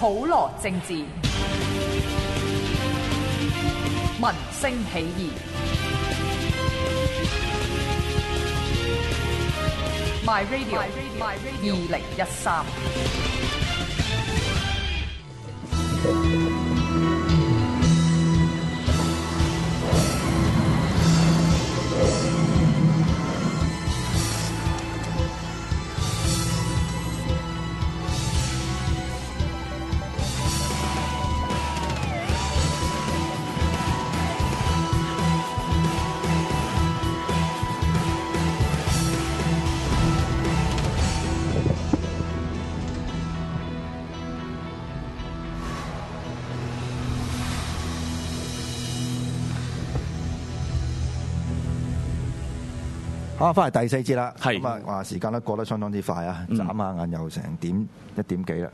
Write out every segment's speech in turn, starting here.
普羅政治，民聲起義。My Radio，二零一三。 翻嚟第四節啦，咁啊話時間都過得相當之快啊，眨下眼又成點一點幾啦。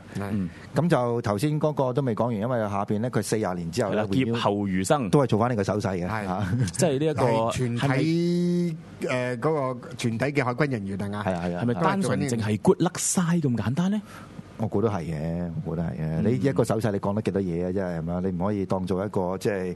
咁就頭先嗰個都未講完，因為下邊咧佢四十年之後劫後餘生都係做翻呢個手勢嘅， 即係呢一個係全體誒嗰個全體嘅海軍人員啊，係啊係啊，係咪單純淨係 good 甩曬咁簡單咧？我估都係嘅，我估都係嘅、嗯。你一個手勢你，你講得幾多嘢啊？真係嘛？你唔可以當做一個即係誒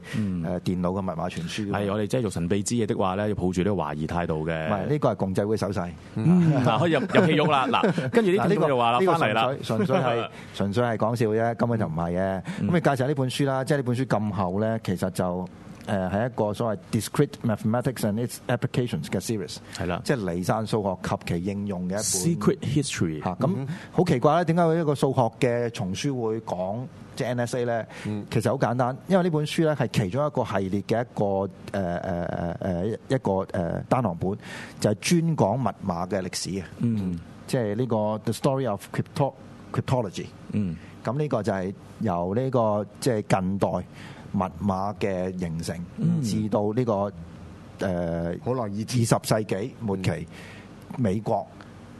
電腦嘅密碼傳輸。係、嗯哎，我哋即係做神秘之嘢的話咧，要抱住呢個懷疑態度嘅。唔，呢個係共濟會手勢、嗯啊啊啊。可以入入戲肉、 啊這個啊這個這個、啦。嗱，跟住呢個就話啦，翻嚟啦，純粹係純粹係講笑啫，根本就唔係嘅。咁、嗯、你介紹下呢本書啦，即係呢本書咁厚咧，其實就。誒、呃、係一個所謂 discrete mathematics and its applications 嘅 series，啦，係即係離散數學及其應用嘅一本 secret history 嚇、啊，咁好、嗯、奇怪咧？點解一個數學嘅叢書會講即係、就是、NSA 咧？嗯、其實好簡單，因為呢本書咧係其中一個系列嘅一個誒、呃呃呃、一個單行本，就係、係、專講密碼嘅歷史嘅，嗯，即係呢個 the story of Crypto- cryptology，嗯，咁呢個就係由呢、呢個即係、就是、近代。密碼嘅形成，至到呢、這個誒，好、呃、耐以至二十世紀末期、嗯、美國。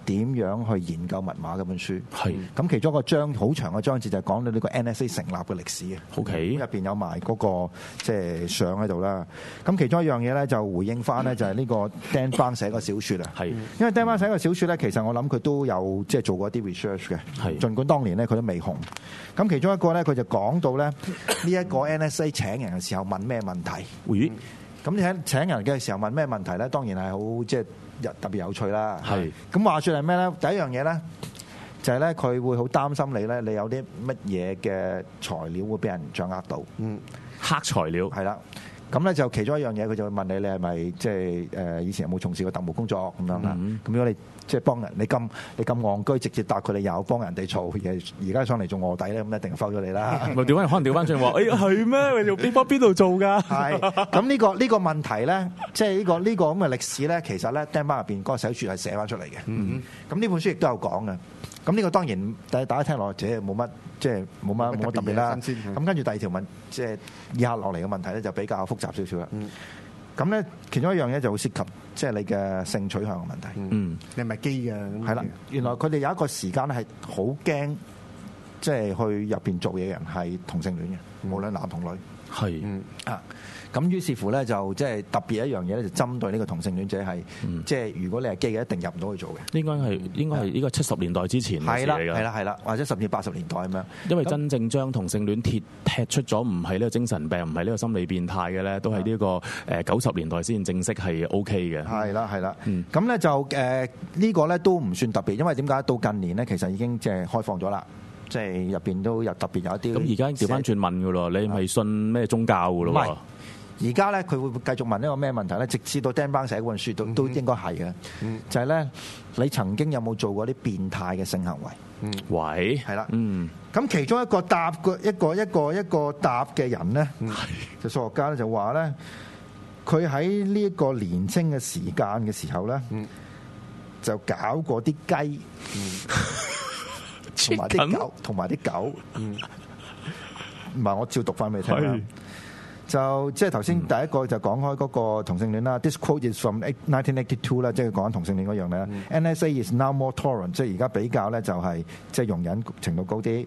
點樣去研究密碼嗰本書？係咁，其中一個章好長嘅章節就講到呢個 NSA 成立嘅歷史啊。O.K. 入邊有埋、那、嗰個即係相喺度啦。咁、就是、其中一樣嘢咧就回應翻咧，就係呢個 Dan Brown 寫個小説啊。係因為 Dan Brown 寫個小説咧，其實我諗佢都有即係做過一啲 research 嘅。係，儘管當年咧佢都未紅。咁其中一個咧，佢就講到咧呢一個 NSA 請人嘅時候問咩問題？咦、嗯？咁你請人嘅時候問咩問題咧？當然係好即係。就是特別有趣啦，係。咁話説係咩咧？第一樣嘢咧，就係咧佢會好擔心你咧，你有啲乜嘢嘅材料會俾人掌握到，嗯，黑材料，係啦。咁咧就其中一樣嘢，佢就會問你，你是不是，你係咪即係誒以前有冇從事過特務工作咁樣啊？咁、嗯、如果你即係幫人，你咁你咁戇居，直接答佢哋有幫人哋做而而家上嚟做卧底咧，咁一定係摃咗你啦。咪調翻，可能調翻轉喎？誒、哎，係咩？你 做兵乓邊度做㗎？係咁呢個呢個問題咧，即係呢個呢個咁嘅歷史咧，其實咧《爹媽》入面嗰個寫處係寫翻出嚟嘅。咁呢本書亦都有講嘅。咁呢個當然，大家聽落者冇乜，即係冇乜冇特別啦。咁跟住第二條問，即係以下落嚟嘅問題咧，就比較複雜少少啦。嗯咁咧，其中一樣嘢就好涉及，即係你嘅性取向嘅問題。嗯，你係咪基嘅？係啦，原來佢哋有一個時間咧，係好驚，即係去入邊做嘢人係同性戀嘅，無論男同女。係，嗯啊。咁於是乎咧，就即、是、係特別一樣嘢咧，就是、針對呢個同性戀者係，嗯、即係如果你係 gay 嘅，一定入唔到去做嘅。應該係應該係呢個七十年代之前嘅事嚟㗎。係啦，係啦，或者甚至八十年代咁樣。因為真正將同性戀鐵踢，踢出咗，唔係呢個精神病，唔係呢個心理變態嘅咧，嗯、都係呢個誒九十年代先正式係 OK 嘅。係啦，係啦。咁、嗯、咧就誒呢、呃呢個咧都唔算特別，因為點解到近年咧，其實已經即係開放咗啦，即係入邊都有特別有一啲。咁而家調翻轉問㗎咯，你係信咩宗教㗎咯？而家咧，佢會繼續問呢個咩問題咧？直至到 Dan Brown 寫嗰本書，都應該係嘅。就係咧，你曾經有冇做過啲變態嘅性行為？喂，係啦。咁、嗯、其中一個答個一個一個一個答嘅人咧，就數學家咧就話咧，佢喺呢一個年青嘅時間嘅時候咧，就搞過啲雞，同埋啲狗，同埋啲狗。唔、嗯、係，我照讀翻俾你聽。就即係頭先第一個就講開嗰個同性戀啦，mm. this quote is from 1982啦，即係講緊同性戀嗰樣咧。Mm. NSA is now more tolerant，即係而家比較咧就係即係容忍程度高啲。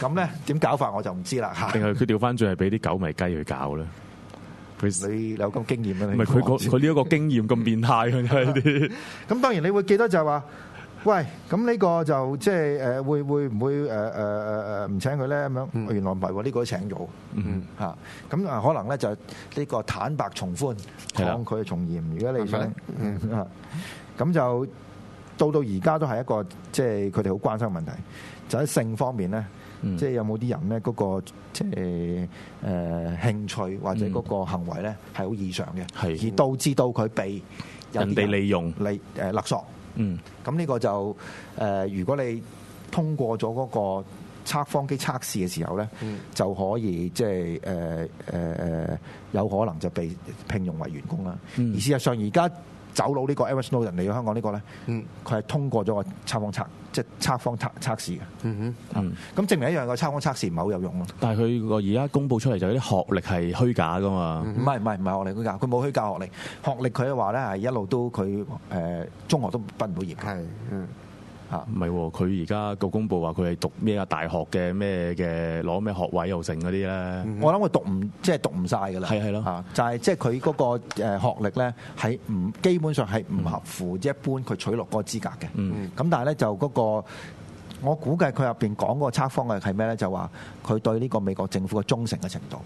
咁咧，點搞法我就唔知啦，吓，定係佢調翻轉係俾啲狗迷雞去搞咧。佢 你，你有咁經驗咩？唔係佢個佢呢一個經驗咁變態啲。咁 當然你會記得就係話，喂咁呢個就即係誒會會唔會誒誒誒誒唔請佢咧咁樣？嗯、原來唔係呢個都請咗。嗯咁 啊、嗯、可能咧就呢個坦白從寬， 抗拒從嚴。如果你想，咁、 嗯、就。到到而家都係一個即係佢哋好關心嘅問題，就喺性方面咧，嗯、即係有冇啲人咧嗰、那個即係誒興趣或者嗰個行為咧係好異常嘅，而導致到佢被人哋利用、被誒勒索。嗯，咁呢個就誒、呃，如果你通過咗嗰個測謊機測試嘅時候咧，嗯、就可以即係誒誒誒，有可能就被聘用為員工啦。而事實上而家。走佬呢個 Snowden 人嚟到香港呢、這個咧，佢、嗯、係通過咗個測謊測，即係測謊測,測,測,測試嘅。嗯哼，咁證明一樣一個測謊測試唔係好有用咯。但係佢個而家公佈出嚟就啲學歷係虛假噶嘛、嗯？唔係唔係唔係學歷虛假，佢冇虛假學歷，學歷佢嘅話咧係一路都佢、呃、中學都畢唔到業。係，嗯。唔係喎，佢而家個公佈話佢係讀咩啊大學嘅咩嘅攞咩學位又剩嗰啲咧，我諗佢讀唔即係讀唔晒㗎啦。係係咯，就係即係佢嗰個誒學歷咧，係唔基本上係唔合乎一般佢取錄嗰個資格嘅。咁、嗯、但係咧就嗰、嗰個。我估計佢入邊講個測謊嘅係咩咧？就話佢對呢個美國政府嘅忠誠嘅程度，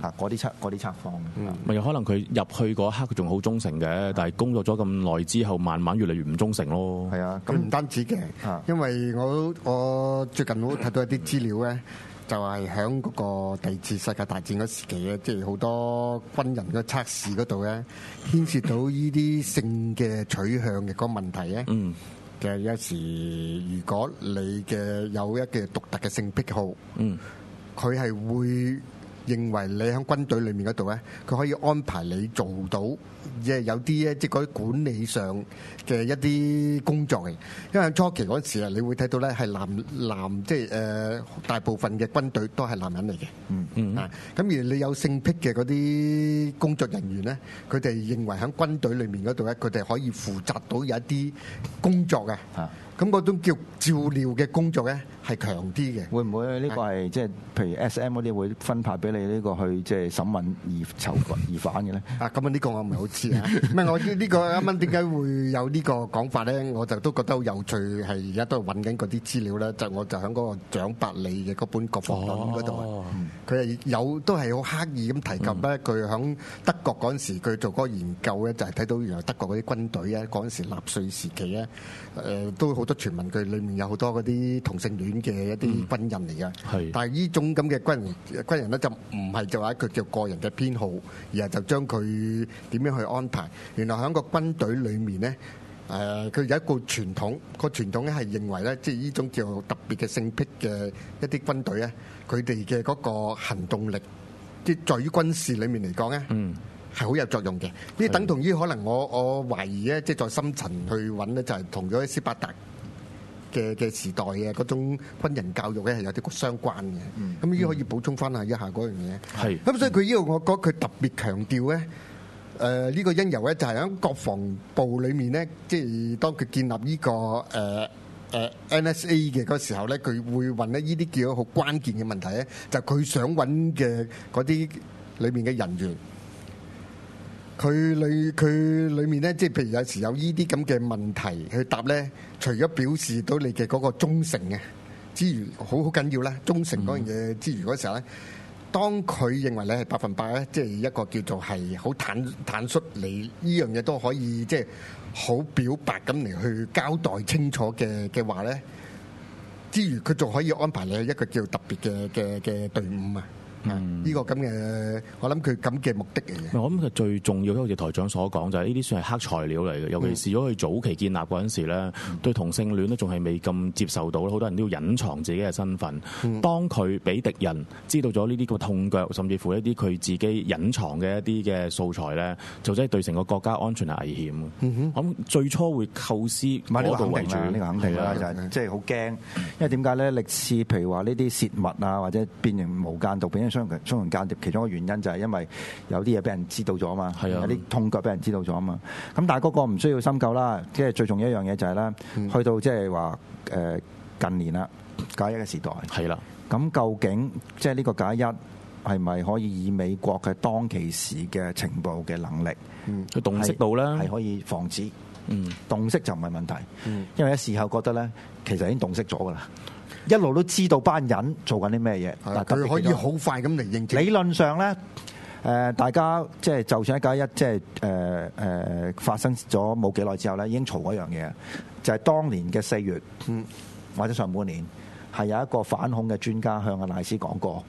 啊嗰啲測啲測,測謊，咪、嗯、有可能佢入去嗰一刻仲好忠誠嘅，但係工作咗咁耐之後，慢慢越嚟越唔忠誠咯。係啊，咁唔單止嘅，因為我我最近我都睇到一啲資料咧，就係喺嗰個第二次世界大戰嗰時期咧，即係好多軍人嘅測試嗰度咧，牽涉到呢啲性嘅取向嘅個問題咧。嗯嘅有時，如果你嘅有一個獨特嘅性癖好，嗯，佢係會認為你喺軍隊裏面嗰度咧，佢可以安排你做到，即係有啲咧，即係嗰啲管理上嘅一啲工作嚟。因為喺初期嗰時啊，你會睇到咧係男男即係誒大部分嘅軍隊都係男人嚟嘅，嗯嗯啊。咁而你有性癖嘅嗰啲工作人員咧，佢哋認為喺軍隊裏面嗰度咧，佢哋可以負責到有一啲工作嘅。咁嗰種叫照料嘅工作咧，係強啲嘅。會唔會呢個係即係譬如 SM 嗰啲會分派俾你呢個去即係審問疑囚疑犯嘅咧？啊，咁啊呢個我唔係好知啊。唔係我知呢個啱啱點解會有呢個講法咧？我就都覺得好有趣，係而家都揾緊嗰啲資料啦。就我就喺嗰個蔣百里嘅嗰本國防論嗰度，佢係有都係好刻意咁提及一句，響德國嗰陣時佢做嗰個研究咧，就係睇到原來德國嗰啲軍隊咧嗰陣時納粹時期咧。誒都好多傳聞，佢裡面有好多嗰啲同性戀嘅一啲軍人嚟嘅。係，但係依種咁嘅軍人軍人咧，就唔係就話佢叫個人嘅偏好，而係就將佢點樣去安排。原來喺個軍隊裡面咧，誒佢有一個傳統，個傳統咧係認為咧，即係依種叫特別嘅性癖嘅一啲軍隊咧，佢哋嘅嗰個行動力，即係在於軍事裡面嚟講咧。嗯。係好有作用嘅，呢等同於可能我我懷疑咧，即係在深層去揾咧，就係同咗斯巴達嘅嘅時代嘅嗰種軍人教育咧，係有啲相關嘅。咁、嗯、呢可以補充翻下一下嗰、嗯、樣嘢。係，咁所以佢呢個我覺得佢特別強調咧，誒、呃、呢、這個因由咧就係喺國防部裡面咧，即係當佢建立呢、這個誒誒、呃呃、NSA 嘅嗰時候咧，佢會揾呢呢啲叫好關鍵嘅問題咧，就佢、是、想揾嘅嗰啲裏面嘅人員。佢裏佢裏面咧，即係譬如有時有呢啲咁嘅問題去答咧，除咗表示到你嘅嗰個忠誠嘅之餘，好好緊要啦。忠誠嗰樣嘢之餘嗰時候咧，當佢認為你係百分百咧，即係一個叫做係好坦坦率，你呢樣嘢都可以即係好表白咁嚟去交代清楚嘅嘅話咧，之餘佢仲可以安排你一個叫特別嘅嘅嘅隊伍啊。嗯，呢、這個咁嘅，我諗佢咁嘅目的嚟嘅。我諗佢最重要，好似台長所講，就係呢啲算係黑材料嚟嘅。尤其是咗佢早期建立嗰陣時咧、嗯，對同性戀都仲係未咁接受到，好多人都要隱藏自己嘅身份、嗯。當佢俾敵人知道咗呢啲個痛腳，甚至乎一啲佢自己隱藏嘅一啲嘅素材咧，就真係對成個國家安全係危險。咁、嗯、最初會構思買呢、這個肯定啊，呢、這個肯定啦，就係即係好驚，因為點解咧？歷次譬如話呢啲洩物啊，或者變形無間毒雙雙人間諜其中一個原因就係因為有啲嘢俾人知道咗啊嘛，有啲痛腳俾人知道咗啊嘛。咁但係嗰個唔需要深究啦，即係最重要一樣嘢就係咧，去到即係話誒近年啦，911嘅時代係啦。咁究竟即係呢個911係咪可以以美國嘅當其時嘅情報嘅能力去洞悉到咧，係可以防止。嗯，洞悉就唔係問題。因為一事後覺得咧，其實已經洞悉咗㗎啦。一路都知道班人做緊啲咩嘢，佢可以好快咁嚟認證。理論上咧、呃，大家即係就算一加一，即係誒誒發生咗冇幾耐之後咧，已經嘈一樣嘢。就係、係、當年嘅四月，或者上半年係有一個反恐嘅專家向阿賴斯講過，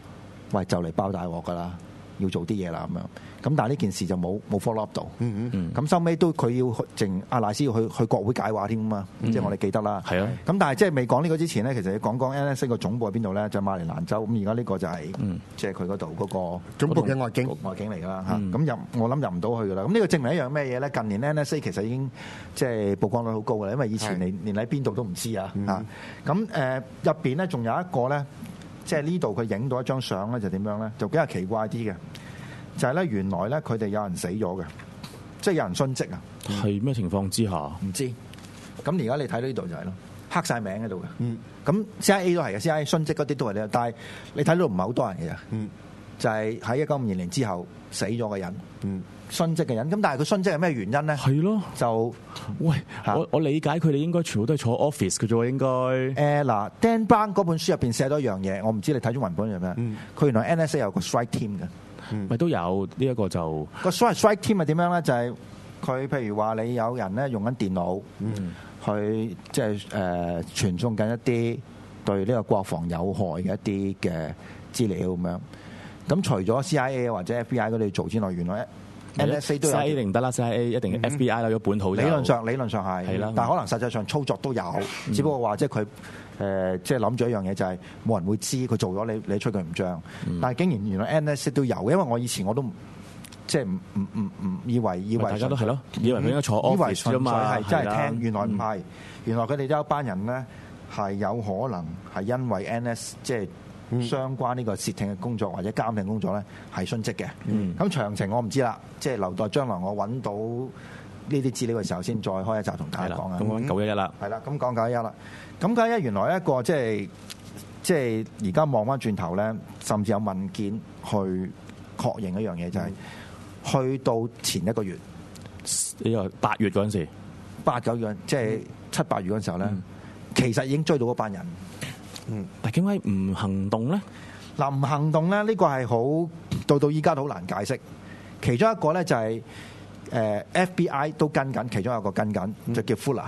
喂，就嚟爆大鑊噶啦！要做啲嘢啦，咁樣咁，但係呢件事就冇冇 follow up 到。咁收尾都佢要淨阿賴斯要去去國會解話添啊、嗯，即係我哋記得啦。啊、嗯。咁但係即係未講呢個之前咧，其實要講講 NSA 個總部喺邊度咧，在、就是、馬來蘭州。咁而家呢個就係即係佢嗰度嗰個總部嘅外景，外景嚟啦嚇。咁、嗯、入我諗入唔到去噶啦。咁呢個證明一樣咩嘢咧？近年 NSA 其實已經即係曝光率好高啦，因為以前你連喺邊度都唔知啊。咁入面咧，仲有一個咧。即係呢度佢影到一張相咧就點樣咧？就比較奇怪啲嘅，就係、是、咧原來咧佢哋有人死咗嘅，即係有人殉職啊！係咩情況之下？唔知。咁而家你睇到呢度就係咯，黑晒名喺度嘅。嗯，咁 CIA 都係嘅，CIA 殉職嗰啲都係咧，但係你睇到唔係好多人嘅，嗯，就係喺一九五二年之後死咗嘅人，嗯。殉職嘅人咁，但係佢殉職係咩原因咧？係咯，就喂，我我理解佢哋應該全部都係坐 office 嘅啫，應該誒嗱、呃、Dan Brown 嗰本書入邊寫多一樣嘢，我唔知你睇咗文本係咩？佢、嗯、原來 NSA 有個 strike team 嘅，咪、嗯、都有呢一、這個就、那個 strike team 係點樣咧？就係、是、佢譬如話你有人咧用緊電腦，嗯，去即係誒傳送緊一啲對呢個國防有害嘅一啲嘅資料咁樣。咁除咗 CIA 或者 FBI 嗰啲做之外，原來。N.S.A. 都有，S.A. 唔得啦，S.A. 一定 F.B.I. 有咗本土，理論上，理論上係，但係可能實際上操作都有，嗯、只不過話即係佢誒即係諗咗一樣嘢、就是，就係冇人會知佢做咗，你你出佢唔脹。但係竟然原來 N.S.A. 都有，因為我以前我都唔，即係唔唔唔唔以為以為大家都係咯，以為佢應該坐 office 啫嘛，係真係聽，原來唔係、嗯，原來佢哋有一班人咧係有可能係因為 N.S. 即、就、係、是。相關呢個竊聽嘅工作或者監聽工作咧，係殉職嘅。咁詳情我唔知啦，即係留待將來我揾到呢啲資料嘅時候先再開一集同大家講啊。咁、嗯、九一一啦，係啦，咁講九一一啦。咁九一一原來一個即係即係而家望翻轉頭咧，甚至有文件去確認一樣嘢、嗯，就係去到前一個月呢個八月嗰陣時，八九月即係七八月嗰陣時候咧、嗯，其實已經追到嗰班人。嗯，但點解唔行動咧？嗱，唔行動咧，呢、這個係好到到依家都好難解釋。其中一個咧就係誒，FBI 都跟緊，其中有個跟緊就叫 Fuller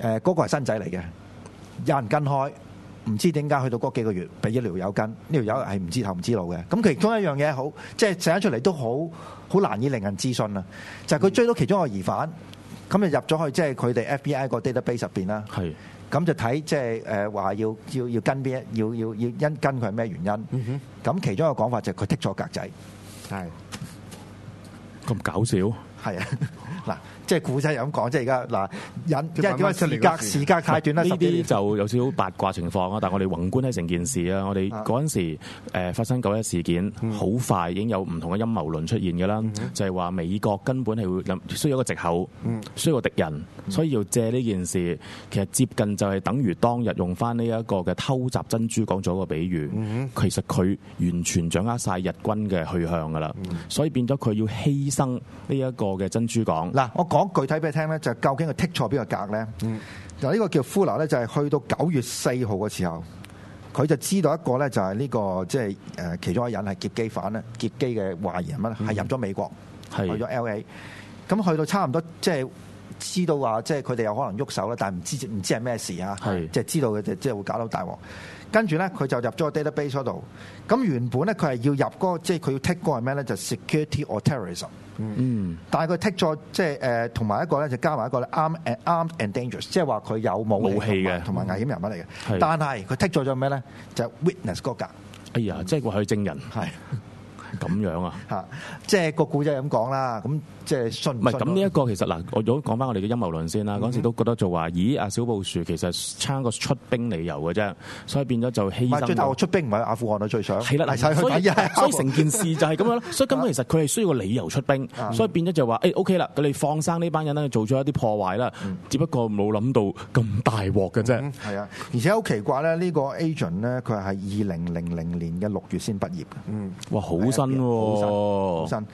誒，嗰個係新仔嚟嘅，有人跟開，唔知點解去到嗰幾個月俾一條友跟，呢條友係唔知頭唔知腦嘅。咁其中一樣嘢好，即係寫出嚟都好好難以令人置信啦。就係、是、佢追到其中一個疑犯，咁就入咗去即係佢哋 FBI 個 database 入邊啦。係。咁就睇即係誒話要要要跟邊一，要要要因跟佢係咩原因？咁其中一個講法就係佢剔咗格仔，係咁搞笑。係啊，嗱。即係古仔又咁講，即係而家嗱，因為時間太短啦，呢啲就有少少八卦情況啊！ 但係我哋宏觀咧成件事啊，我哋嗰陣時誒發生九一事件，好快已經有唔同嘅陰謀論出現嘅啦、嗯，就係、是、話美國根本係會諗需要一個借口，需要一個敵人，所以要借呢件事，其實接近就係等於當日用翻呢一個嘅偷襲珍珠港做一個比喻，其實佢完全掌握晒日軍嘅去向㗎啦，所以變咗佢要犧牲呢一個嘅珍珠港嗱，我、嗯講具體俾你聽咧，就究竟佢剔錯邊個格咧？嗯，嗱呢個叫骷髏咧，就係去到九月四號嘅時候，佢就知道一個咧、這個，就係呢個即係誒其中一人係劫機犯咧，劫機嘅懷疑人物咧，係、嗯、入咗美國，去咗 L A。咁去到差唔多即係知道話，即係佢哋有可能喐手啦，但係唔知唔知係咩事啊？係即係知道佢哋即係會搞到大鑊。跟住咧，佢就入咗個 database 度。咁原本咧，佢係要入嗰個即係佢要剔嗰個係咩咧？就,是、就是 security or terrorism。嗯，但係佢剔咗，即係誒，同埋一個咧就加埋一個 armed and, armed and dangerous，即係話佢有武器嘅，同埋危險人物嚟嘅、嗯。但係佢剔咗咗咩咧？就係、witness 嗰、那、格、個。哎呀，即係過去證人、嗯咁樣啊？嚇，即係個古仔咁講啦。咁即係信唔係咁呢一個其實，嗱，我如果講翻我哋嘅陰謀論先啦，嗰陣時都覺得就話，咦？阿小布殊其實差個出兵理由嘅啫，所以變咗就犧牲。但係我出兵唔係阿富汗啊，最想係啦，係，所以所以成件事就係咁樣咯。所以根本其實佢係需要個理由出兵，所以變咗就話，誒 O K 啦，佢哋放生呢班人咧做咗一啲破壞啦，只不過冇諗到咁大鑊嘅啫。係啊，而且好奇怪咧，呢個 agent 咧佢係係二零零零年嘅六月先畢業嘅。嗯，哇，好。Yeah, 新新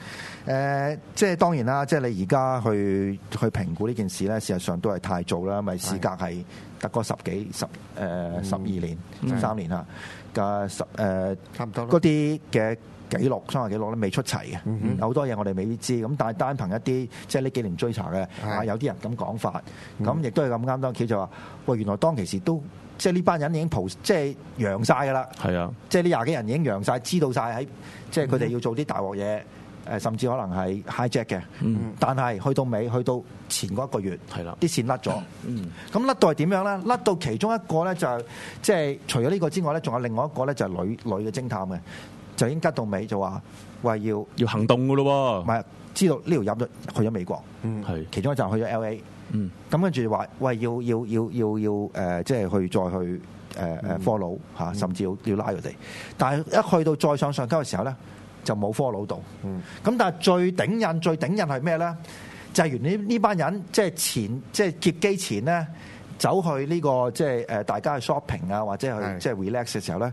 誒、呃，即係當然啦，即係你而家去去評估呢件事咧，事實上都係太早啦，咪事隔係得個十幾十誒十二年、十三年啦嘅十誒，差唔多嗰啲嘅記錄，三十記錄咧未出齊嘅。好、嗯、多嘢我哋未必知，咁但係單憑一啲即係呢幾年追查嘅，有啲人咁講法，咁亦都係咁啱。當其就話、是：喂、呃，原來當其時都。即係呢班人已經蒲，係啊、即係揚晒㗎啦。係啊，即係呢廿幾人已經揚晒，知道晒喺，即係佢哋要做啲大鑊嘢，誒甚至可能係 high jack 嘅。嗯，但係去到尾，去到前嗰一個月，係啦，啲線甩咗。嗯，咁甩到係點樣咧？甩到其中一個咧就係，即係除咗呢個之外咧，仲有另外一個咧就係女女嘅偵探嘅，就已經吉到尾就話，喂要要行動㗎咯喎。唔係，知道呢條入咗去咗美國。嗯，係。其中一站去咗 L A。嗯，咁跟住話，喂，要要要要要、呃、即係去再去誒誒 follow 吓，甚至要拉佢哋。但係一去到再上上級嘅時候咧，就冇 follow 到。嗯，咁但係最頂癮，最頂癮係咩咧？就係、是、原來呢呢班人即係前，即係劫機前咧，走去呢、呢個即係誒大家去 shopping 啊，或者去即係 relax 嘅時候咧。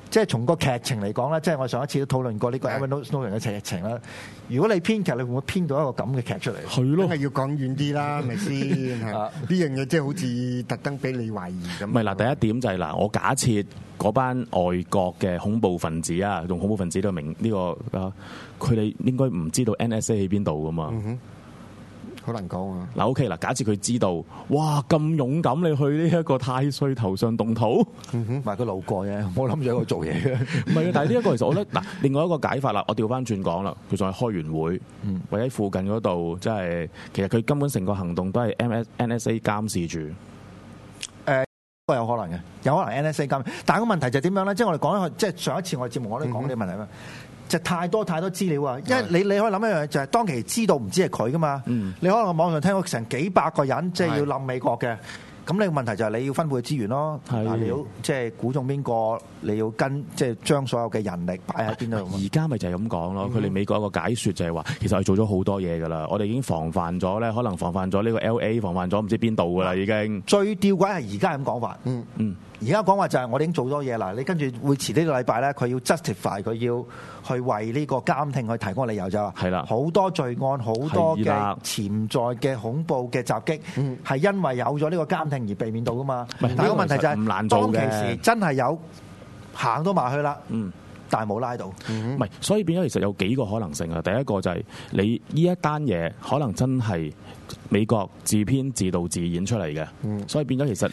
即係從個劇情嚟講咧，即係我上一次都討論過呢個《Avengers》嘅劇情啦。如果你編劇，你會唔會編到一個咁嘅劇出嚟？係咯，梗係要講遠啲啦，係咪先？啊，呢樣嘢即係好似特登俾你懷疑咁。咪嗱，第一點就係、是、嗱，我假設嗰班外國嘅恐怖分子啊，用恐怖分子都明呢、呢個佢哋應該唔知道 N S A 喺邊度噶嘛。嗯好難講啊！嗱，O K，嗱，假設佢知道，哇，咁勇敢你去呢一個太歲頭上動土，唔、嗯、哼，佢老路過啫， 我諗住去做嘢嘅，唔係啊，但係呢一個其實 我覺得，嗱， 另外一個解法啦，我調翻轉講啦，佢仲開完會，嗯、或者喺附近嗰度，即、就、係、是、其實佢根本成個行動都係 M S N S A 監視住，誒，都有可能嘅，有可能 N S A 監視，但係個問題就係點樣咧？即係我哋講即係上一次我哋節目我都講呢個問題啊。嗯太多太多資料啊！因為你你可以諗一樣嘢，就係、是、當其知道唔知係佢噶嘛。嗯、你可能網上聽過成幾百個人即係要冧美國嘅，咁你個問題就係你要分配的資源咯。嗱，你要即係估中邊個，你要跟即係將所有嘅人力擺喺邊度。而家咪就係咁講咯。佢哋美國一個解説就係、是、話，其實我做咗好多嘢噶啦，我哋已經防範咗咧，可能防範咗呢個 LA，防範咗唔知邊度噶啦已經。最吊詭係而家咁講法。嗯嗯。而家講話就係我哋已經做多嘢啦，你跟住會遲呢個禮拜咧，佢要 justify 佢要去為呢個監聽去提供理由就係啦，好多罪案好多嘅潛在嘅恐怖嘅襲擊，係因為有咗呢個監聽而避免到噶嘛。但個問題就係，當其時真係有行到埋去啦，嗯，但係冇拉到，唔係，所以變咗其實有幾個可能性啊。第一個就係你呢一單嘢可能真係美國自編自導自演出嚟嘅，所以變咗其實。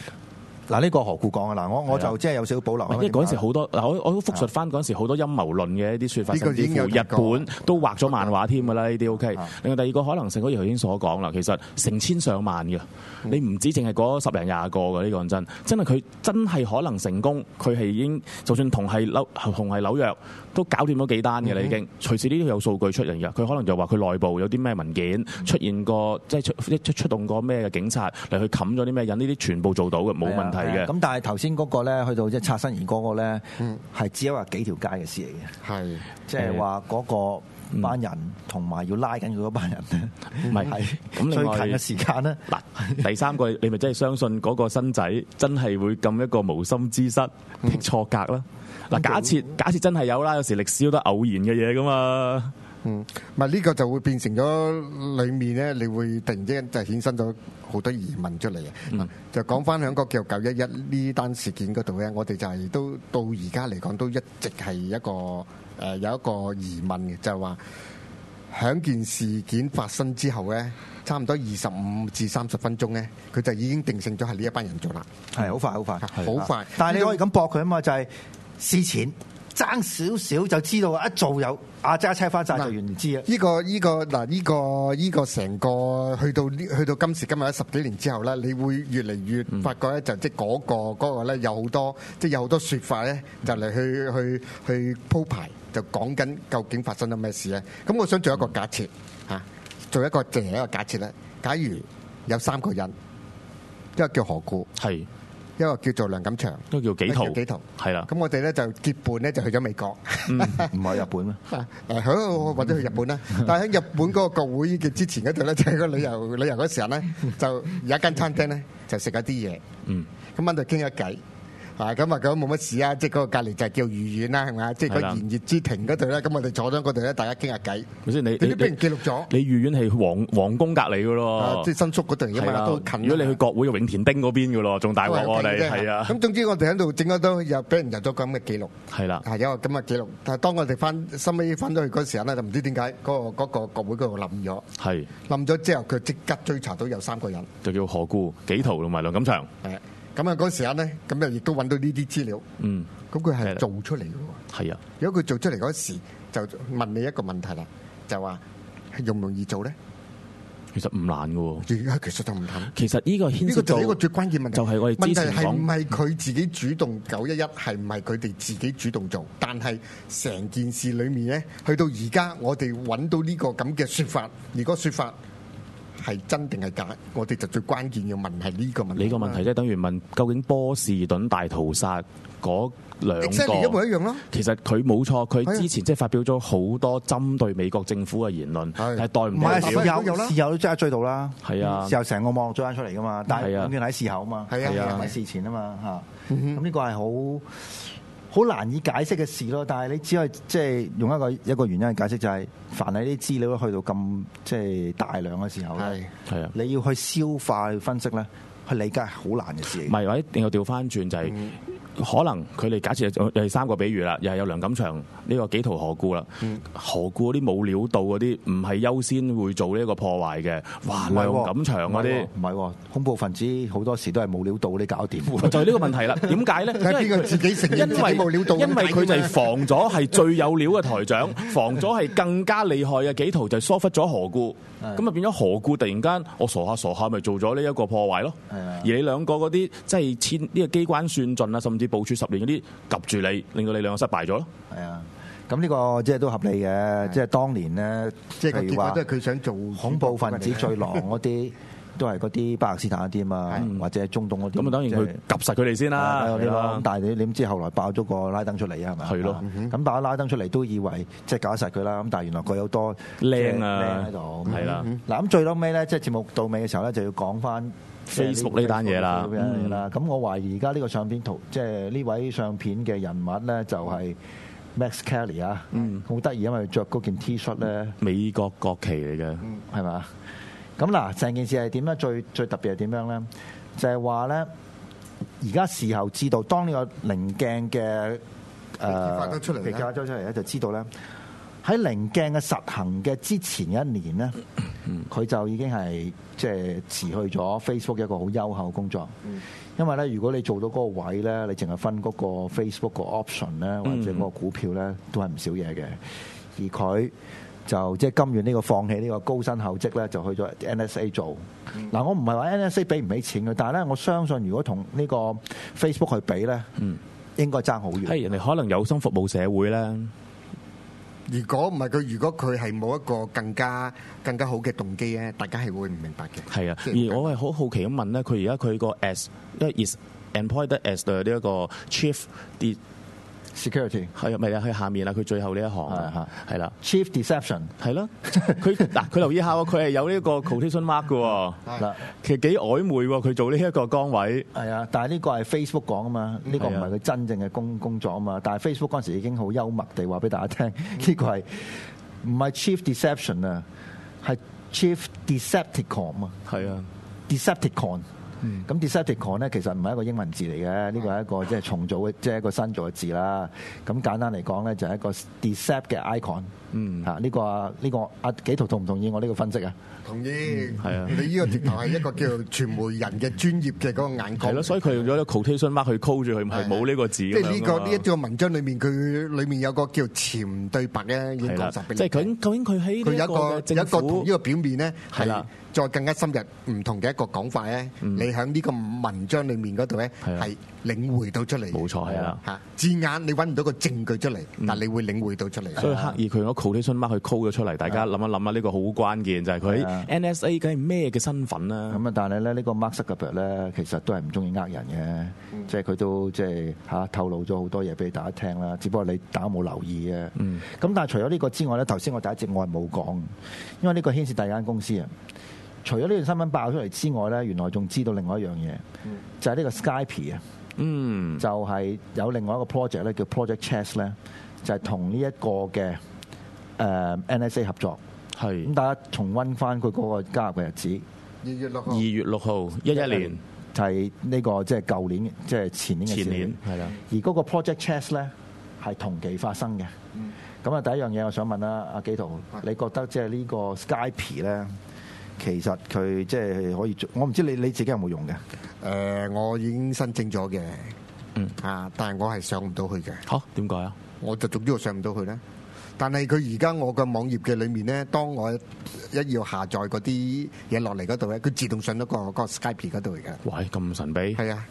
嗱，呢個何故講啊？嗱，我我就即係有少少保留。因為嗰陣時好多，嗱、嗯，我我都復述翻嗰陣時好多陰謀論嘅一啲說法、嗯，甚至乎日本都畫咗漫畫添㗎啦。呢、嗯、啲 OK、嗯。另外第二個可能性，好似頭先所講啦，其實成千上萬嘅、嗯，你唔止淨係嗰十零廿個㗎。呢個講真，真係佢真係可能成功，佢係已經，就算同係紐同係紐約。都搞掂咗幾單嘅啦，你已經。隨時呢啲有數據出嚟噶，佢可能就話佢內部有啲咩文件出現過，即係出出動過咩嘅警察嚟去冚咗啲咩人，呢啲全部做到嘅，冇問題嘅。咁但係頭先嗰個咧，去到即係拆身兒嗰個咧，係、嗯、只有話幾條街嘅事嚟嘅，係即係話嗰個。班人同埋要拉緊佢嗰班人咧，唔係係，咁、嗯、最、嗯、近嘅時間咧，嗱，第三個你咪真係相信嗰個新仔真係會咁一個無心之失、嗯、劈錯格啦？嗱、嗯，假設、嗯、假設真係有啦，有時歷史都得偶然嘅嘢噶嘛。嗯，唔係呢個就會變成咗裏面咧，你會突然之間就衍生咗好多疑問出嚟啊、嗯！就講翻響嗰個九一一呢單事件嗰度咧，我哋就係、是、都到而家嚟講都一直係一個。誒有一個疑問嘅，就係話喺件事件發生之後咧，差唔多二十五至三十分鐘咧，佢就已經定性咗係呢一班人做啦。係好快，好快，好快！但係你可以咁駁佢啊嘛，就係、是、私錢。爭少少就知道一做有啊，揸車翻站就完之啦，這個。呢，這個呢，這個嗱，呢，這個呢個成個去到呢去到今時今日十幾年之後咧，你會越嚟越發覺咧，嗯，那個那個，就即係嗰個嗰個咧有好多即係有好多說法咧，就嚟去去去鋪排，就講緊究竟發生咗咩事咧？咁我想做一個假設嚇，做一個淨係一個假設咧。假如有三個人，一個叫何故係。一個叫做梁錦祥，都叫幾圖幾圖，係啦。咁我哋咧就結伴咧就去咗美國，唔係、 嗯、日本咩？誒， 好或者去日本啦。但係喺日本嗰個國會嘅之前嗰度咧，就喺、是、個旅遊旅遊嗰時候咧，就有一間餐廳咧，就食咗啲嘢。嗯，咁掹住傾咗偈。啊咁啊咁冇乜事啊！即係嗰個隔離就係叫御苑啦，係嘛？即係個炎熱之庭嗰度咧，咁我哋坐咗嗰度咧，大家傾下偈。點你都俾人記錄咗？你御苑係皇皇宮隔離嘅咯。即係新宿嗰度，因為都近。如果你去國會永田町嗰邊嘅咯，仲大鑊我哋。係啊！咁總之我哋喺度整咗都又俾人入咗咁嘅記錄。係啦，有一個咁嘅記錄。但係當我哋翻收尾翻到去嗰時候咧，就唔知點解嗰個嗰、嗰個國會嗰度冧咗。係冧咗之後，佢即刻追查到有三個人，就叫何故、幾圖同埋梁錦祥。係。咁啊，嗰時刻咧，咁又亦都揾到呢啲資料。嗯，咁佢係做出嚟嘅喎。係啊，如果佢做出嚟嗰時，就問你一個問題啦，就話係容唔容易做咧？其實唔難嘅喎。而家其實就唔難。其實呢個牽涉到，呢個就係一個最關鍵問題，就係、是、我哋之前講，係唔係佢自己主動九一一，係唔係佢哋自己主動做？但係成件事裏面咧，去到而家，我哋揾到呢個咁嘅説法。而個説法，係真定係假？我哋就最關鍵要問係呢個問題。呢個問題即係等於問究竟波士頓大屠殺嗰兩個。其實佢冇錯，佢之前即係發表咗好多針對美國政府嘅言論，係代唔到。有係有事後即刻追到啦。係啊，又、嗯、成個網絡追翻出嚟噶嘛。但係關鍵喺事後啊嘛。係啊，事前啊嘛吓。咁呢個係好。好難以解釋嘅事咯，但係你只可以即係、就係、用一個一個原因去解釋、就係，就係凡係啲資料去到咁即係大量嘅時候，係啊，你要去消化去分析咧，去理解係好難嘅事。唔係，或者定要調翻轉就係、嗯。可能佢哋假設有三個比喻啦，又係有梁錦祥呢個幾圖何故啦？何故嗰啲冇料到嗰啲唔係優先會做呢一個破壞嘅？哇！梁錦祥嗰啲唔係恐怖分子，好多時都係冇料到你搞掂。就係呢個問題啦。點解咧？因為自己承認冇料到，因為佢就係防咗係最有料嘅台長，防咗係更加厲害嘅幾圖，就係疏忽咗何故。咁就變咗何故突然間我傻下傻下咪做咗呢一個破壞咯，而你兩個嗰啲即係千呢個機關算盡啊，甚至部署十年嗰啲及住你，令到你兩個失敗咗咯。係啊，咁呢個即係都合理嘅，即係當年咧，即係話即係佢想做恐怖分子最狼嗰啲。 都係嗰啲巴勒斯坦啲啊嘛、嗯，或者中東嗰啲，咁啊當然佢夾實佢哋先啦。嗯、對吧對吧對吧對吧，但係你點知後來爆咗個拉登出嚟啊，係咪、嗯？係、嗯、咯，咁爆咗拉登出嚟都以為即係、就是、搞實佢啦。咁但係原來佢有多靚啊喺度。係啦、嗯。嗱、嗯、咁最屘尾咧，即係節目到尾嘅時候咧，就要講翻 Facebook 呢單嘢啦。咁啦。咁我懷疑而家呢個相片圖，即係呢位相片嘅人物咧，就係、是、Max Kelly 啊。好得意，因為著嗰件 T 恤咧，美國國旗嚟嘅，係嘛？咁嗱，成件事係點咧？最最特別係點樣咧？就係話咧，而家事後知道當呢個稜鏡嘅嚟，呃、發咗出嚟咧，就知道咧喺稜鏡嘅實行嘅之前一年咧，佢、嗯、就已經係即係辭去咗 Facebook 一個好優厚嘅工作，因為咧，如果你做到嗰個位咧，你淨係分嗰個 Facebook 個 option 咧，或者嗰個股票咧，都係唔少嘢嘅，而佢。就即係甘願呢個放棄呢個高薪厚職咧，就去咗 NSA 做。嗱，我唔係話 NSA 俾唔起錢嘅，但係咧，我相信如果同呢個 Facebook 去比咧，應該爭好遠。誒，人哋可能有心服務社會咧。如果唔係佢，如果佢係冇一個更加更加好嘅動機咧，大家係會唔明白嘅。係啊，而我係好好奇咁問咧，佢而家佢個 as 因為 is employed as 呢一個 chief 啲。security 係啊，咪啊，佢下面啊，佢最後呢一行係啦，Chief Deception 係咯，佢嗱佢留意下喎，佢係有呢個 quotation mark 嘅喎嗱，其實幾曖昧喎，佢做呢一個崗位係啊，但係呢個係 Facebook 講啊嘛，呢個唔係佢真正嘅工工作啊嘛，但係 Facebook 嗰陣時已經好幽默地話俾大家聽，呢個係唔係 Chief Deception 啊？係 Chief Decepticon 啊，係啊，Decepticon。咁 Decepticon 咧，其實唔係一個英文字嚟嘅，呢個係一個即係重組嘅，即係一個新造嘅字啦。咁簡單嚟講咧，就係一個 Decept 嘅 icon。嗯，嚇呢個呢個阿幾圖同唔同意我呢個分析啊？同意，係啊。你呢個截圖係一個叫傳媒人嘅專業嘅嗰個眼光。係咯，所以佢用咗一個 quotation mark 去 cover 住佢，係冇呢個字。即係呢個呢一個文章裡面，佢裡面有個叫潛對白咧，已經講實畀你聽。即係究竟究竟佢喺呢個政府？佢有一個有一個同呢個表面咧，係再更加深入唔同嘅一個講法咧。嗯。你喺呢個文章裏面嗰度咧，係領會到出嚟。冇錯，係啊！嚇字眼你揾唔到個證據出嚟，但、嗯、你會領會到出嚟。所以刻意佢用 collect 去 call 咗出嚟，大家諗一諗啊！呢個好關鍵就係、是、佢 NSA 佢係咩嘅身份啦？咁、嗯、啊，但係咧呢個 Mark Zuckerberg 咧，其實都係唔中意呃人嘅、嗯，即係佢都即係嚇、啊、透露咗好多嘢俾大家聽啦。只不過你大家冇留意嘅。咁、嗯、但係除咗呢個之外咧，頭先我第一隻我係冇講，因為呢個牽涉第二間公司啊。除咗呢段新聞爆出嚟之外咧，原來仲知道另外一樣嘢，就係呢個 Skype 啊。嗯，就係、是嗯就是、有另外一個 project 咧，叫 Project Chess 咧，就係同呢一個嘅誒 NSA 合作。係咁，大家重温翻佢嗰個加入嘅日子。二月六號。二月六號，一一年就係呢個即係舊年，即、就、係、是就是、前，前年。嘅前年係啦。而嗰個 Project Chess 咧係同期發生嘅。咁、嗯、啊，就第一樣嘢我想問啦，阿基圖，你覺得即係呢個 Skype 咧？其實佢即係可以做，我唔知你你自己有冇用嘅。誒、呃，我已經申請咗嘅，嗯啊，但係我係上唔到去嘅。好，點解啊？我就總之上唔到去啦。但係佢而家我嘅網頁嘅裏面咧，當我一要下載嗰啲嘢落嚟嗰度咧，佢自動上到個個 Skype 嗰度嚟嘅。喂，咁神秘？係啊。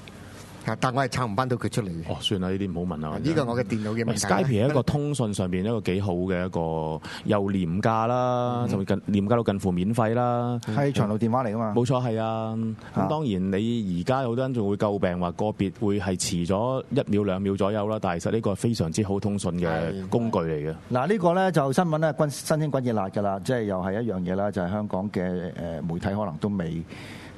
但我係撐唔翻到佢出嚟。哦，算啦，呢啲唔好問啊。呢個我嘅電腦嘅問題。Skype 係一個通訊上邊一個幾好嘅一個又廉價啦，就、嗯、近廉價到近乎免費啦。係長途電話嚟㗎嘛。冇錯，係啊。咁、啊、當然你而家好多人仲會詬病話個別會係遲咗一秒兩秒左右啦，但係其實呢個係非常之好通訊嘅工具嚟嘅。嗱呢、啊呢個咧就新聞咧，新鮮滾熱辣㗎啦，即係又係一樣嘢啦，就係、是、香港嘅誒媒體可能都未。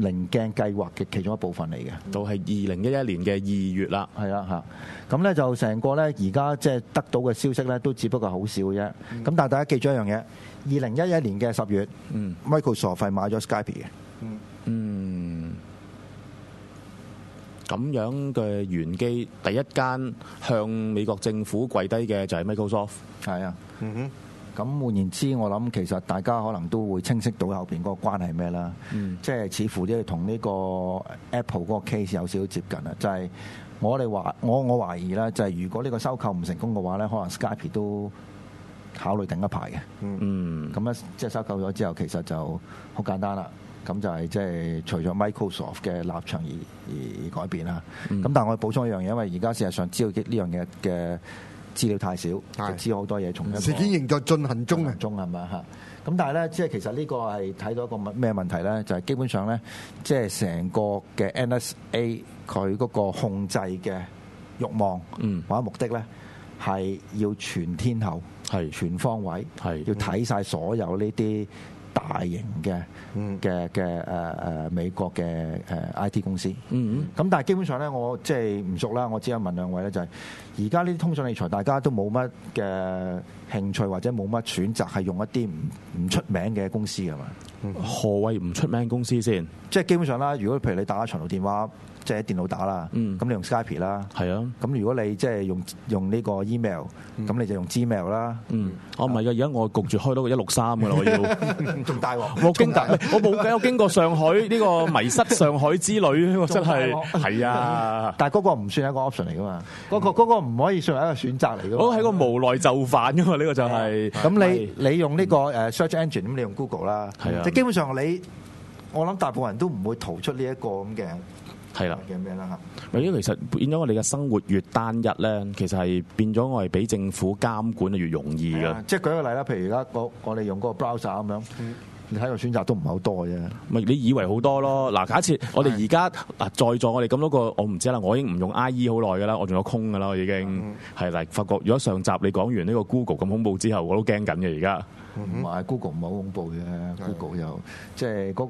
棱鏡計劃嘅其中一部分嚟嘅，到係是啊、就係二零一一年嘅二月啦。係啦嚇，咁咧就成個咧而家即係得到嘅消息咧，都只不過好少啫。咁、嗯、但係大家記住一樣嘢，二零一一年嘅十月，Microsoft 買咗 Skype 嘅。嗯，咁、嗯嗯、樣嘅原機第一間向美國政府跪低嘅就係 Microsoft。係啊。嗯哼。咁換言之，我諗其實大家可能都會清晰到後面嗰個關係咩啦，嗯、即係似乎即係同呢個 Apple 嗰個 case 有少少接近啦就係、是、我哋懷我我懷疑啦，就係如果呢個收購唔成功嘅話咧，可能 Skype 都考慮頂一排嘅。嗯，咁咧即係收購咗之後，其實就好簡單啦。咁就係即係除咗 Microsoft 嘅立場而而改變啦。咁、嗯、但我哋補充一樣嘢，因為而家事實上知道呢樣嘢嘅。資料太少，即係知好多嘢重。事件仍在進行中中，係咪嚇？咁但係咧，即係其實呢個係睇到一個乜咩問題咧？就係、是、基本上咧，即係成個嘅 NSA 佢嗰個控制嘅欲望，或者目的咧，係要全天候，係全方位，係要睇晒所有呢啲。大型嘅嘅嘅誒誒美國嘅誒 IT 公司，咁、嗯嗯、但係基本上咧，我即係唔熟啦，我只有問兩位咧，就係而家呢啲通訊器材，大家都冇乜嘅興趣或者冇乜選擇，係用一啲唔唔出名嘅公司㗎嘛？何謂唔出名公司先？即係基本上啦，如果譬如你打長途電話。即係電腦打啦，咁你用 Skype 啦、嗯，係啊。咁如果你即係用用呢個 email，咁、嗯、你就用 Gmail 啦、嗯。嗯，哦唔係嘅，而、啊、家、啊啊、我焗住開多個一六三嘅啦， 我要仲大鑊。我經我冇嘅，我經過，我經過上海呢個迷失上海之旅，呢個真係係啊。但係嗰個唔算一個 option 嚟嘅嘛，嗰、嗯嗰個唔可以算係一個選擇嚟嘅。我、嗯、係、嗰個、個無奈就犯嘅嘛。呢個就係。咁、啊、你、嗯、你用呢個誒 search engine，咁你用 Google 啦、嗯。係啊，即基本上你，我諗大部分人都唔會逃出呢、呢、一個咁嘅。係啦，嘅咩啦吓？咪依其實變咗，我哋嘅生活越單一咧，其實係變咗我哋俾政府監管啊，越容易噶。即係舉個例啦，譬如而家我哋用嗰個 browser 咁樣，你喺度選擇都唔係好多嘅啫。咪你以為好多咯？嗱，假設我哋而家嗱在座我哋咁多個，我唔知啦，我已經唔用 IE 好耐噶啦，我仲有空噶啦，我已經係啦。發覺如果上集你講完呢個 Google 咁恐怖之後，我都驚緊嘅而家。唔係 Google 唔係好恐怖嘅，Google 又即係嗰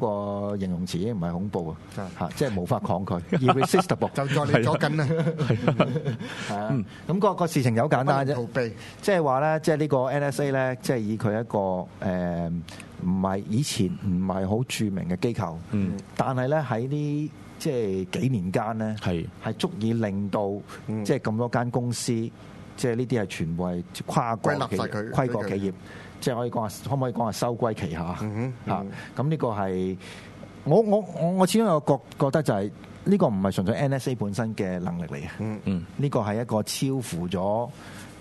個形容詞已經唔係恐怖啊，嚇即係無法抗拒 irresistible 就再你坐緊啦。係 啊、嗯，咁、嗯，那個那個事情有好簡單啫，即係話咧，即、就、係、是、呢、就是、這個 NSA 咧，即、就、係、是、以佢一個誒唔係以前唔係好著名嘅機構，嗯，但係咧喺呢即係、就是、幾年間咧，係、嗯、係足以令到即係咁多間公司，即係呢啲係全部係跨國企業，跨國企業。即係可，可以講下，可唔可以講下收歸旗下？咁、mm-hmm. 呢、啊、個係我我我我始終有覺得就係、是、呢、這個唔係純粹 NSA 本身嘅能力嚟嘅。嗯嗯，呢個係一個超乎咗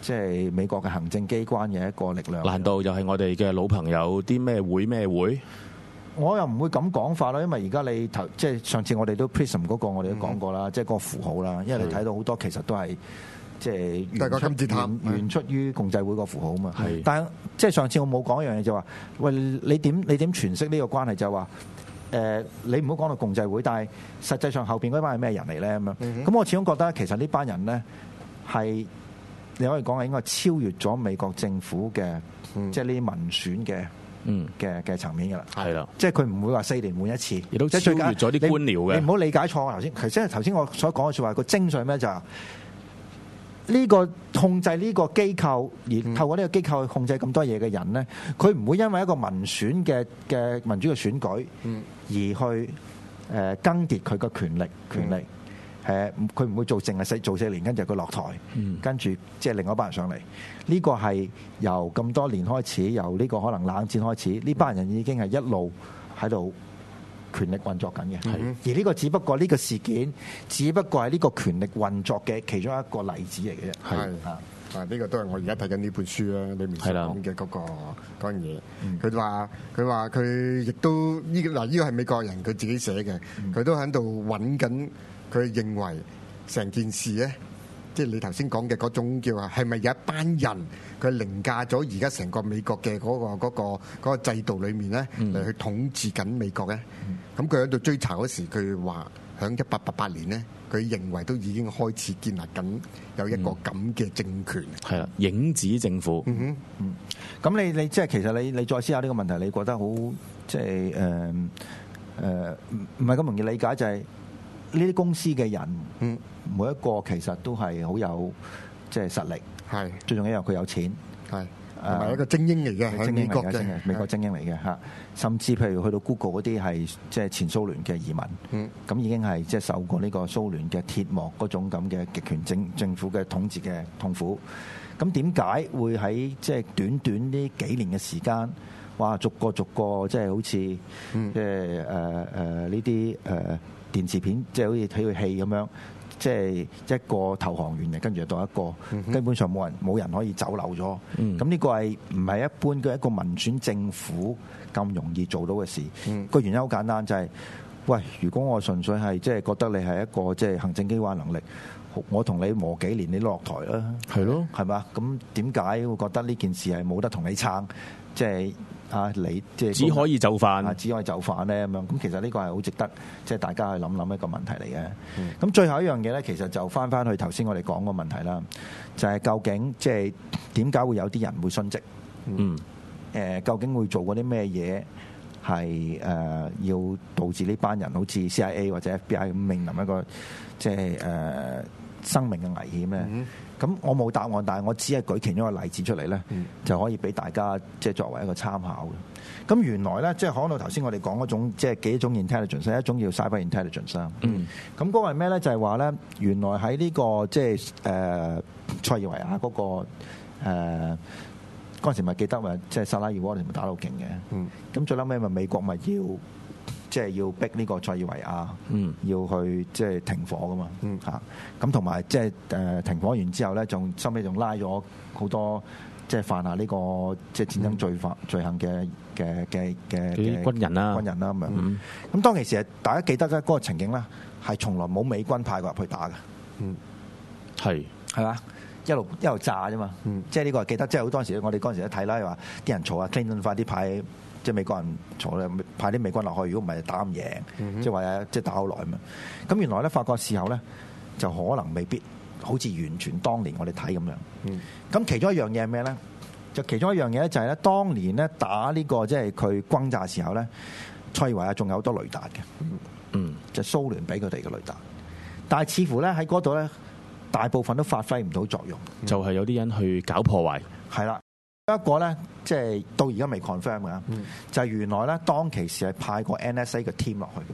即係美國嘅行政機關嘅一個力量。難道又係我哋嘅老朋友啲咩會咩會？我又唔會咁講法啦，因為而家你頭即係上次我哋都 Prism 嗰個我，我哋都講過啦，即係個符號啦，因為你睇到好多其實都係。即係原，原，原出於共濟會個符號啊嘛，係。但即係上次我冇講一樣嘢就話、係，喂你點你點詮釋呢個關係？就話、係，誒、呃、你唔好講到共濟會，但係實際上後邊嗰班係咩人嚟咧？咁樣。咁我始終覺得其實呢班人咧係，你可以講係應該超越咗美國政府嘅、嗯嗯，即係呢啲民選嘅，嘅嘅層面噶啦。係啦，即係佢唔會話四年換一次，亦都即係超越咗啲官僚嘅。你唔好理解錯我頭先，其實頭先我所講嘅説話、個精髓咩就係？呢個控制呢個機構，而透過呢個機構去控制咁多嘢嘅人呢，佢唔會因為一個民選嘅嘅民主嘅選舉，而去誒更迭佢個權力權力，誒佢唔會做淨係使做四年，跟住佢落台， 跟住即係另外一班人上嚟。呢個係由咁多年開始，由呢個可能冷戰開始，呢班人已經係一路喺度。權力運作緊嘅，而呢個只不過呢個事件，只不過係呢個權力運作嘅其中一個例子嚟嘅啫。係啊，啊、這、呢個都係我而家睇緊呢本書啊，裡面講嘅嗰個嗰樣嘢。佢話佢話佢亦都呢嗱，呢、這個係、這個、美國人佢自己寫嘅，佢都喺度揾緊，佢認為成件事咧。即係你頭先講嘅嗰種叫話，係咪有一班人佢凌駕咗而家成個美國嘅嗰個嗰個嗰個制度裏面咧嚟去統治緊美國咧？咁佢喺度追查嗰時候，佢話喺一八八八年咧，佢認為都已經開始建立緊有一個咁嘅政權。係啦，影子政府。嗯哼，嗯。咁你你即係其實你你再思考呢個問題，你覺得好即係誒誒唔唔係咁容易理解就係、是。呢啲公司嘅人，嗯，每一個其實都係好有即係實力，係最重要一樣佢有錢，係同埋一個精英嚟嘅，美國精英嚟嘅，美國精英嚟嘅嚇。甚至譬如去到 Google 嗰啲係即係前蘇聯嘅移民，嗯，咁已經係即係受過呢個蘇聯嘅鐵幕嗰種咁嘅極權政政府嘅統治嘅痛苦。咁點解會喺即係短短呢幾年嘅時間，哇！逐個逐個即係、就是、好似，即係誒誒呢啲誒。呃呃電視片即係、就是、好似睇個戲咁樣，即、就、係、是、一個投降員嚟，跟住又當一個，嗯、基本上冇人冇人可以走漏咗。咁、嗯、呢個係唔係一般嘅一個民選政府咁容易做到嘅事？個、嗯、原因好簡單，就係、是：喂，如果我純粹係即係覺得你係一個即係、就是、行政機關能力，我同你磨幾年，你落台啦。係咯，係嘛？咁點解會覺得呢件事係冇得同你撐？即、就、係、是。啊！你即係只可以就範、是，只可以就範咧咁樣。咁、啊、其實呢個係好值得，即係大家去諗諗一個問題嚟嘅。咁、嗯、最後一樣嘢咧，其實就返返去頭先我哋講個問題啦，就係、是、究竟即係點解會有啲人會殉職？嗯。誒，究竟會做過啲咩嘢係誒，要導致呢班人好似 CIA 或者 FBI 咁，面臨一個即係誒生命嘅危險咧？嗯嗯咁我冇答案，但係我只係舉其中一個例子出嚟咧、嗯，就可以俾大家即係、就是、作為一個參考嘅。咁原來咧，即係可能到頭先，我哋講嗰種即係幾種 intelligence，一種叫 cyber intelligence、嗯。咁嗰個係咩咧？就係話咧，原來喺呢、這個即係誒塞爾維亞嗰、那個嗰、呃、時，咪記得咪即係沙拉熱沃，咪打到勁嘅。咁、嗯、最後尾咪美國咪要。即係要逼呢個塞爾維亞，要去即係停火噶嘛嚇。咁同埋即係誒停火完之後咧，仲收尾仲拉咗好多即係犯下呢個即係戰爭罪犯罪行嘅嘅嘅嘅嘅軍人啦、嗯嗯、軍人啦咁樣。咁、嗯、當其時，大家記得咧個情景咧，係從來冇美軍派過入去打嘅。嗯，係係嘛，一路一路炸啫嘛。即係呢個係記得。即係好多時我哋嗰陣時一睇啦，話啲人坐啊 Clinton 快啲派即係美國人坐派啲美軍落去，如果唔係打唔贏，即、嗯、或者即係打好耐咁。咁原來咧發覺時候咧，就可能未必好似完全當年我哋睇咁樣。咁、嗯、其中一樣嘢係咩咧？就其中一樣嘢咧，就係咧，當年咧打呢個即係佢轟炸時候咧，蔡依維啊仲有好多雷達嘅，嗯，就係、蘇聯俾佢哋嘅雷達，但係似乎咧喺嗰度咧，大部分都發揮唔到作用，嗯、就係、係、有啲人去搞破壞，係啦。一個咧，即係到而家未 confirm 㗎，就係、原來咧當其時係派個 NSA 嘅 team 落去，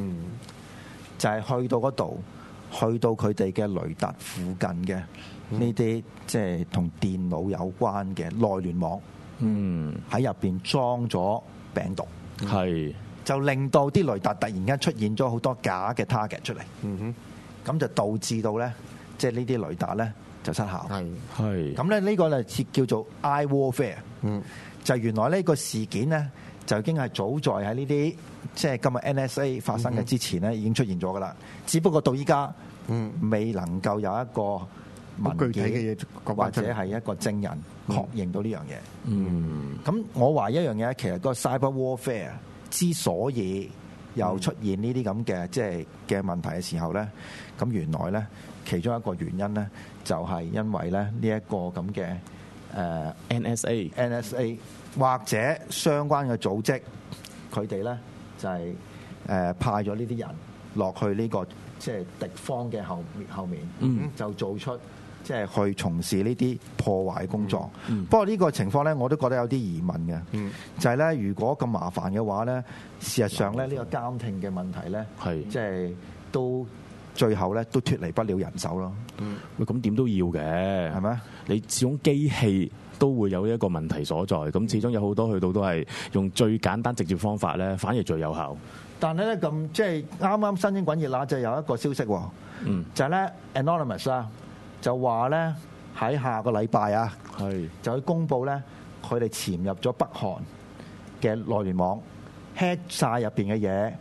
嗯，就係、是、去到嗰度，去到佢哋嘅雷達附近嘅呢啲，即係同電腦有關嘅內聯網，嗯，喺入邊裝咗病毒，係，就令到啲雷達突然間出現咗好多假嘅 target 出嚟，嗯哼，咁就導致到咧，即、就、係、是、呢啲雷達咧，就失效，係，係，咁咧呢個咧叫叫做 eye warfare，嗯，就原來呢個事件咧，就已經係早在喺呢啲，即係今日 NSA 發生嘅之前咧，已經出現咗噶啦，只不過到依家，嗯，未能夠有一個具體嘅嘢，或者係一個證人確認到呢樣嘢，嗯，咁、嗯、我懷疑一樣嘢，其實個 cyber warfare 之所以又出現呢啲咁嘅即係嘅問題嘅時候咧，咁、嗯嗯、原來咧。其中一個原因咧，就係因為咧呢一個咁嘅誒 NSA、NSA 或者相關嘅組織，佢哋咧就係誒派咗呢啲人落去呢個即係敵方嘅後面後面，就做出即係去從事呢啲破壞工作。不過呢個情況咧，我都覺得有啲疑問嘅，就係咧如果咁麻煩嘅話咧，事實上咧呢個監聽嘅問題咧，即係都。最後咧都脫離不了人手咯。喂、嗯，咁點都要嘅，係咪？你始終機器都會有一個問題所在。咁始終有好多去到都係用最簡單直接方法咧，反而最有效。但係咧咁，即係啱啱新鮮滾熱辣就有一個消息喎。嗯，就係、是、咧 anonymous 啊，就話咧喺下個禮拜啊，係就去公佈咧，佢哋潛入咗北韓嘅內聯網，hack 晒入邊嘅嘢。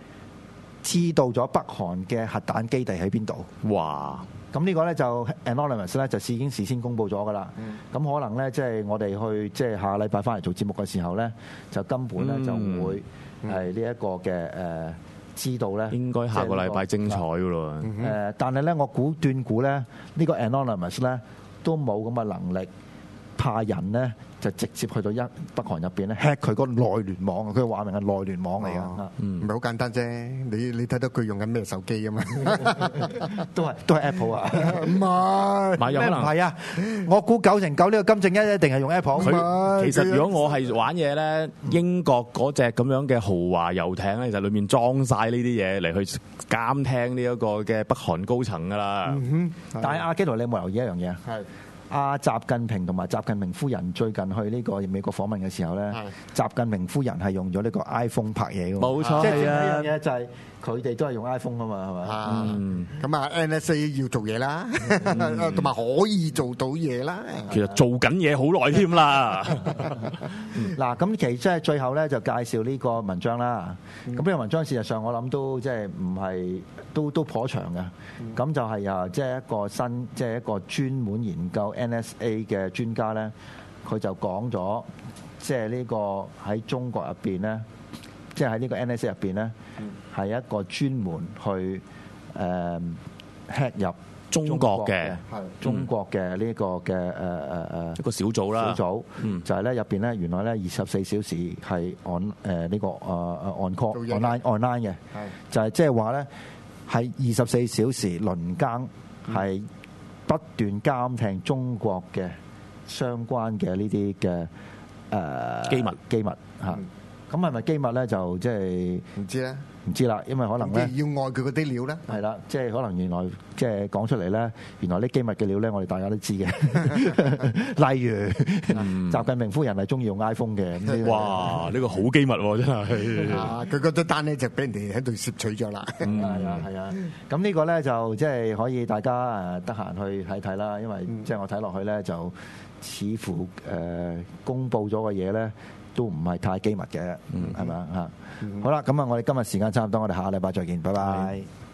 知道咗北韓嘅核彈基地喺邊度？哇！咁呢個咧就 Anonymous 咧就已經事先公布咗㗎啦。咁、嗯、可能咧即係我哋去即係、就是、下禮拜翻嚟做節目嘅時候咧，就根本咧就唔會係呢一個嘅誒、嗯嗯、知道咧、這個。應該下個禮拜精彩㗎喇、嗯。但係咧我估斷估咧呢個 Anonymous 咧都冇咁嘅能力。怕人咧，就直接去到一北韓入邊咧，hack 佢個內聯網，佢話明係內聯網嚟㗎，唔係好簡單啫。你你睇得佢用緊咩手機啊嘛？都係都係 Apple 啊？唔係，咩可能係啊？我估九成九呢個金正恩一定係用 Apple。佢其實如果我係玩嘢咧，英國嗰隻咁樣嘅豪華遊艇咧，其實裡面裝晒呢啲嘢嚟去監聽呢一個嘅北韓高層㗎喇。但係阿基多，你有冇留意一樣嘢啊？係。阿習近平同埋習近平夫人最近去呢個美國訪問嘅時候咧，習近平夫人係用咗呢個 iPhone 拍嘢，冇錯，即係呢樣嘢就係。佢哋都係用 iPhone 㗎嘛，係咪？啊，咁啊，NSA 要做嘢啦，同埋可以做到嘢啦。其實做緊嘢好耐添啦。嗱，咁其實即係最後咧，就介紹呢個文章啦。咁呢個文章事實上我諗都即係唔係都都頗長嘅。咁就係啊，即係一個新，即係一個專門研究 NSA 嘅專家咧，佢就講咗，即係呢個喺中國入邊咧。即係喺呢個 NSA 入邊咧，係、嗯、一個專門去誒 hack 入中國嘅中國嘅呢、呢個嘅誒誒誒一個小組啦。小、嗯、組就係咧入邊咧，原來咧二十四小時係 on 誒呢個啊啊、uh, on call online online 嘅，就係即係話咧係二十四小時輪更，係、嗯、不斷監聽中國嘅相關嘅呢啲嘅誒機密機密嚇。嗯咁係咪機密咧？就即係唔知咧，唔知啦，因為可能咧要愛佢嗰啲料咧，係啦，即、就、係、是、可能原來即係講出嚟咧，原來啲機密嘅料咧，我哋大家都知嘅。 例如，嗯、習近平夫人係中意用 iPhone 嘅。哇！呢、嗯、個好機密、啊、真係、啊。佢嗰啲單咧就俾人哋喺度攝取咗啦、嗯。係啊，係啊。咁呢個咧就即係可以大家誒得閒去睇睇啦，因為即係我睇落去咧就似乎誒、呃、公佈咗嘅嘢咧。都唔係太機密嘅。嗯，是吧，係咪啊？嚇，好啦，咁啊，我哋今日時間差唔多，我哋下個禮拜再見，拜拜。Bye.